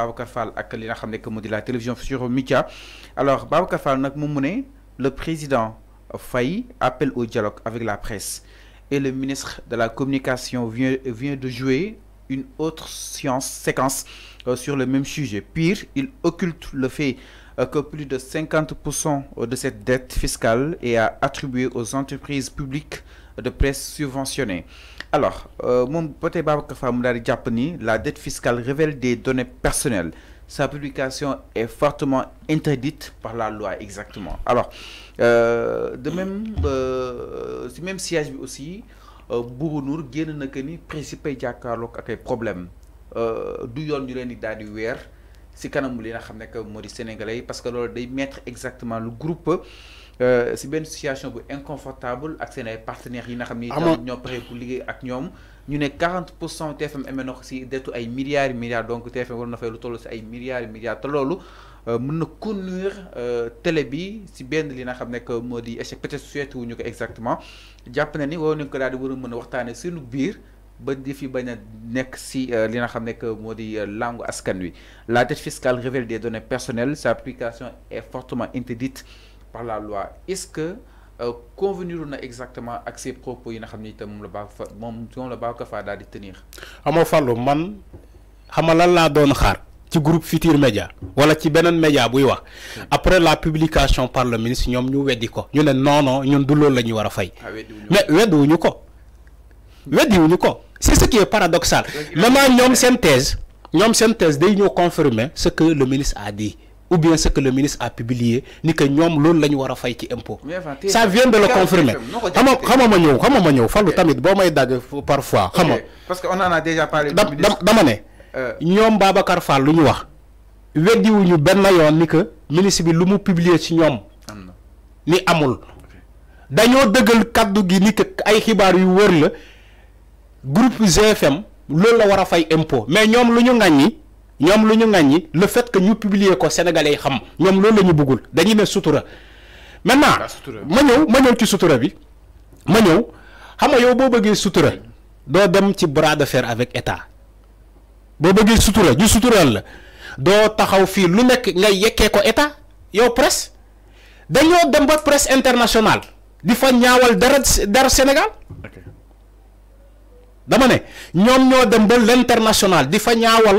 Babacar Fall ak li la télévision sur Mika. alors Babacar Fall le président Faye appelle au dialogue avec la presse et le ministre de la communication vient vient de jouer une autre science séquence euh, sur le même sujet pire il occulte le fait euh, que plus de 50% de cette dette fiscale est attribuée aux entreprises publiques de presse subventionnée. Alors, mon ba tey Babacar Fall la dette fiscale révèle des données personnelles sa publication est fortement interdite par la loi exactement alors euh, de même euh, si même siège bi aussi euh, Boubou Nour génn na que ni principay jàkkaarloog ak ay problème du yoon ñu leen di C'est di weer si kanamu que Maurice sénégalais parce que loolu day mettre exactement le groupe euh, si une situation bu inconfortable ak seen partenaires yi nga xam ni. Ah ñoo ak ñu 40 pour TFM amee na ko si dettu ay milliards milliards donc TFM war na fay lu toll si ay milliards milliards te loolu euh, mën na conduire euh, télé bi si bien li nga xam ne que moo échec peut-être souhaité wu ñu ko exactement jàpp na ni waroon nañu ko daal di war a mën a waxtaanee suñu biir. ba di fi bañ a nekk li nga xam ne que langue askan wi la dette fiscale révèle des données personnelles sa application est fortement interdite par la loi est-ce que euh, convenir na exactement à ces propos yi nga xam ni itam moom la fa moom tenir. amoo Fallou man groupe Futur Média wala ci beneen média buy wax après la publication par le ministre ils ñu dit ko non non ñun du loolu la ñu war fay. Ah, mais weddiwuñu ko l'ont ko c'est ce qui est paradoxal. maintenant une synthèse, thèse ont une thèse ils ont confirmé ce que le ministre a dit ou bien ce que le ministre a publié ni que ñoom loolu la ñu fay ci impôt ça vient de le confirmer xama xama ma ñëw xama ma ñëw fallu tamit boo may dagg parfois xama parce que on en a déjà parlé dama ne euh. ñoom Babacar Fall lu ñu wax weddiwuñu ben yoon ni que ministre bi lu mu publier ci ñoom ni amul dañoo dëggal kàddu gi ni que ay xibaar yu wër la groupe GFM loolu la war fay impôt mais ñoom lu ñu ñom lu ñu ŋàññi le fait que ñu publier ko sénégalais xam ñom loolu la ñu bëggul dañuy né sutura maintenant ma ñëw ma ñëw ci sutura bi ma ñëw xam nga yow bo bëggé sutura do dem ci bras de fer avec état bo bëggé sutura ju sutural la doo taxaw fi lu nekk nga yekkee ko état yow presse dañu dem ba presse internationale di fa ñaawal dara dara Sénégal dama né ñom ñoo dem ba l'international di fa ñaawal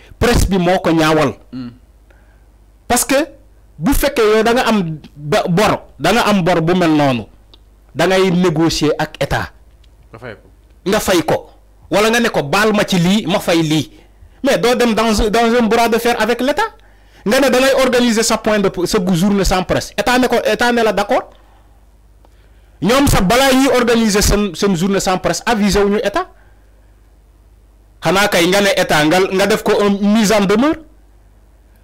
presse bi moo ñaawal. Mm. parce que bu fekkee yow da nga am bor da nga am bor bu mel nonu da ngay négocier ak état. nga fay ko nga fay ko wala nga ne ko bal ma ci li ma fay li mais do dem dans dans un bras de fer avec l'état nga ne da ngay organiser sa point de ce journée sans presse état ne ko état ne la d'accord? ñom sa a ñi ñuy organiser ce seen journée sans presse aviser wu ñu état. xanaa kay nga ne état nga nga def ko un mise en demeure.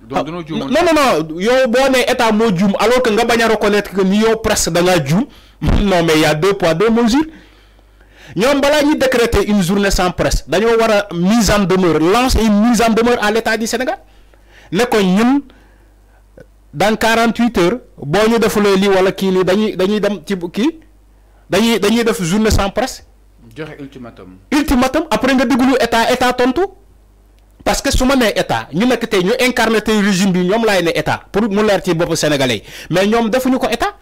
donc ah, non non non yow boo nee état moo juum alors que nga bañ a reconnaître que ni yow presse da ngaa juum non mais y a deux poids deux mesures ñoom balaa ñuy décréter une journée sans presse dañoo war a mise en demeure lancer une mise en demeure à l'état du Sénégal ne ñun dans quarante huit heures boo ñu defulee lii wala kii nii dañuy dañuy dem ci kii dañuy dañuy def journée sans presse. joxe ultimatum. ultimatum après nga déglu état état tontu parce que suma né état ñu nekk tay ñu incarné tey régime bi ñom lay né état pour mu leer ci bop sénégalais mais ñom defuñu ko état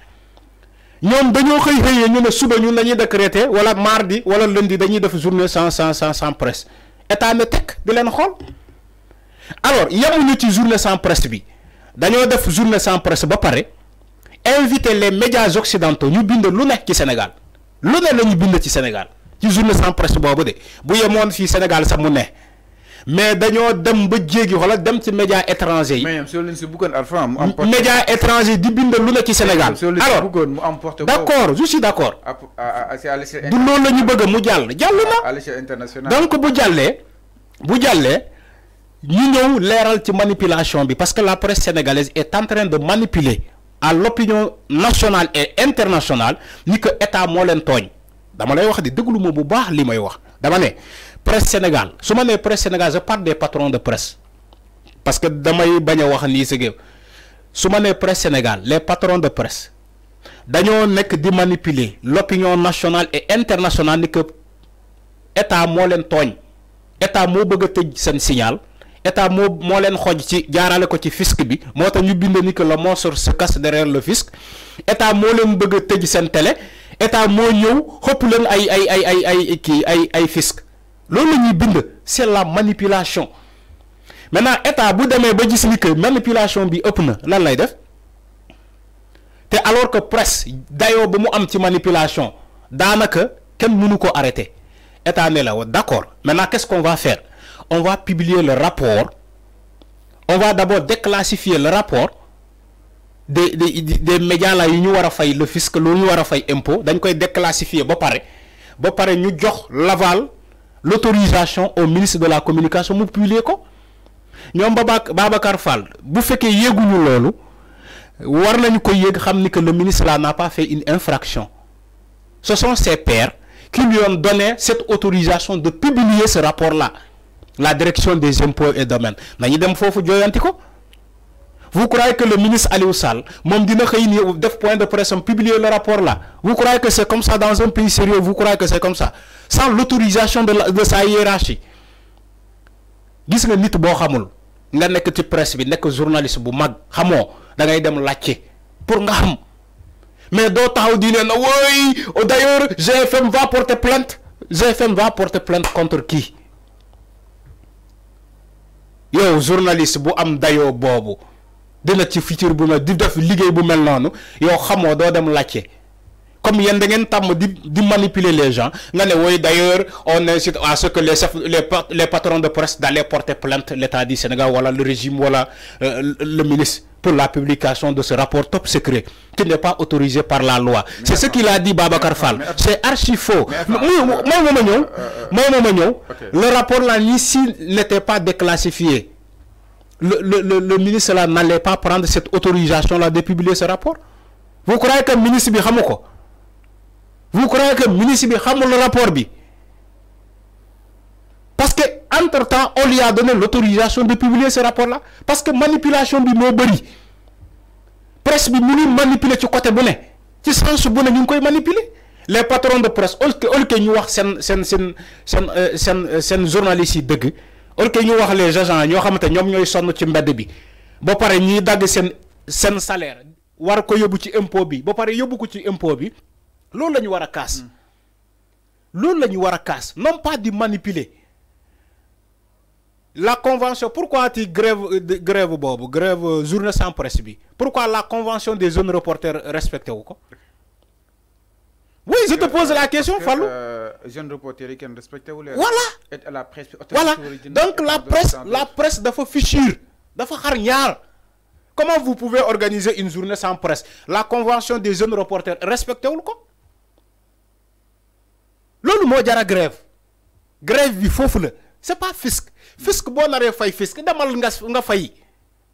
ñom dañoo xey xey ñu né suba ñu dañuy décréter wala mardi wala lundi dañuy def journée sans sans sans sans presse état me teg di len xol alors yemuñu ci journée sans presse bi dañoo def journée sans presse ba paré Inviter les médias occidentaux ñu bind lu nekk ci Sénégal lu né lañu ñu bind ci Sénégal ci journée sans presse bobo de bu yemoon fii Sénégal sa mu ne mais daño dem ba jéegi wala dem ci média étranger mais média étranger di bind lu ne ci Sénégal. alors d'accord je suis d'accord accord. du loolu la bëgg mu jall jàll na. donc bu jallé bu jallé ñu ñëw léral ci manipulation bi parce que la presse sénégalaise est en train de manipuler à l'opinion nationale et internationale ni que état mo leen togn dama lay wax di déglu ma bu baax li wax dama ne presse Sénégal su ma presse Sénégal je parle des patrons de presse parce que damay bañ a wax nii sa géew su ma presse Sénégal les patrons de presse dañoo nekk di manipuler l'opinion nationale et internationale ni que état moo leen tooñ état moo bëgg a tëj seen signal état moo moo leen xoj ci jaarale ko ci fisc bi moo tax ñu bind ni que le monstre se casse derrière le fisc état moo leen bëgg a tëj seen télé état à mon xëpp ay ay ay ay ay ay ay fisc loolu bind c'est la manipulation maintenant état bu démé ba gis ni que manipulation bi ëpp na lan lay def te alors que presse dayo ba mu am ci manipulation danaka ken mënu ko arrêter état né la d'accord maintenant qu'est-ce qu'on va faire on va publier le rapport on va d'abord déclassifier le rapport des médias la ils ñu war le fisc loolu ñu war impôt fay impôt dañ déclassifié déclassifier ba bon ba pare ñu l'aval l'autorisation au ministre de la communication mu publier ko ñoom Baba Babacar Fall bu fekkee yéeguñu loolu war nañu ko yegg xamni que le ministre là n'a pas fait une infraction ce sont ses pairs qui lui ont donné cette autorisation de publier ce rapport là la direction des impôts et domaines nañu dem fofu joyantiko ko. Vous croyez que le ministre Aliou Sall, def point de presse, publier le rapport là. Vous croyez que c'est comme ça dans un pays sérieux, vous croyez que c'est comme ça. Sans l'autorisation de, sa hiérarchie. Vous voyez nit bo xamul nga nek ci presse bi nek journaliste bu mag xamo da ngay dem laccé pour nga xam mais do taxaw di len woy d'ailleurs GFM va porter plainte GFM va porter plainte contre qui yow journaliste bu am dayo bobu dina ci futur bu mel di def liggéey bu mel noonu yow xamoo doo dem laajte comme yéen da ngeen tàmm di di manipuler les gens nga ne d'ailleurs on incite à ce que les les patrons de presse d'aller porter plainte l'État du Sénégal wala le régime wala euh, le ministre pour la publication de ce rapport top secret qui n'est pas autorisé par la loi c'est ce qu'il a dit Babacar Fall c'est archi faux mooy ñëw mooy le rapport là ici n'était pas déclassifié le, le, le, ministre là n'allait pas prendre cette autorisation là de publier ce rapport vous croyez que le ministre bi vous croyez que le ministre bi le rapport parce que entre temps on lui a donné l'autorisation de publier ce rapport là parce que manipulation bi mo La presse bi ni manipuler ci côté bu ci sens les patrons de presse ol ke ñu wax sen sen sen au ñu wax les agents ñoo xamante ñoom ñooy sonn ci mbedd bi ba pare ñi dagg seen seen salaire war ko yóbbu ci impôt bi ba pare yóbbu ko ci impôt bi loolu la ñu war a kaas. Mm. loolu la ñu war a kaas non pas di manipuler la convention pourquoi ti grève euh, grève boobu grève euh, journée sans presse bi pourquoi la convention des jeunes reporters respecté wu ko. Oui, je te pose la question, Fallou. Euh, jeune reporter qui respecte Voilà. La presse, voilà. Donc la presse, la presse doit fichir, doit faire Comment vous pouvez organiser une journée sans presse La convention des jeunes reporters, respectez-vous quoi L'on m'a dit la grève. Grève, il faut le. C'est pas fisc. Fisc, bon, on a fait fisc. D'amal, on a failli.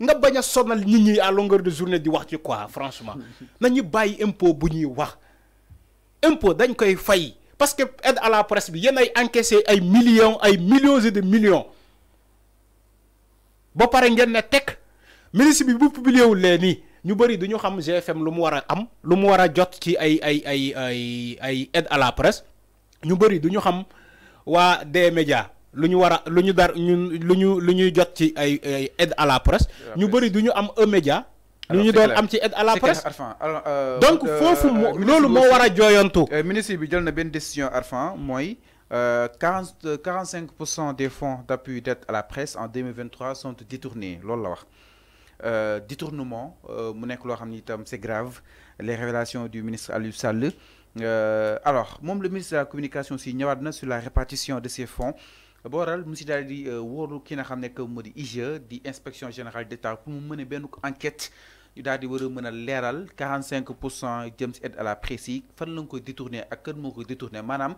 nga a sonal nit ñi à longueur de journée di wax quoi franchement nañu bàyyi impôt bu ñuy wax impôt dañ koy fay parce que aide à la presse bi yéen ay encaissé ay millions ay millions et de millions ba pare ngeen ne teg ministre bi bu publié wul lee nii ñu bëri duñu xam GFM lu mu war a am lu mu war a jot ci ay ay ay ay ay aide à la presse ñu bëri duñu xam waa des médias lu ñu war a lu ñu dar ñun lu ñu lu ñuy jot ci ay ay aide à la presse ñu bëri duñu am E-Média nous ñu doon am ci aide à la presse euh, donc fofu lolu euh, mo euh, wara Le ministre bi jël na ben décision Arfan moy quarante 45 des fonds d'appui d'aide à la presse en 2023 sont détournés loolu la détournement mu nekk grave les révélations du ministre Aliou Sall alors moom le ministre de la communication si ñëwaat na sur la répartition de ces fonds. ba waral mu si daal di wóorlu ki n'a que moo l'inspection inspection générale d'État pour mu mën enquête. Il y a 45 à la presse Il faut la Il détourné ak Madame,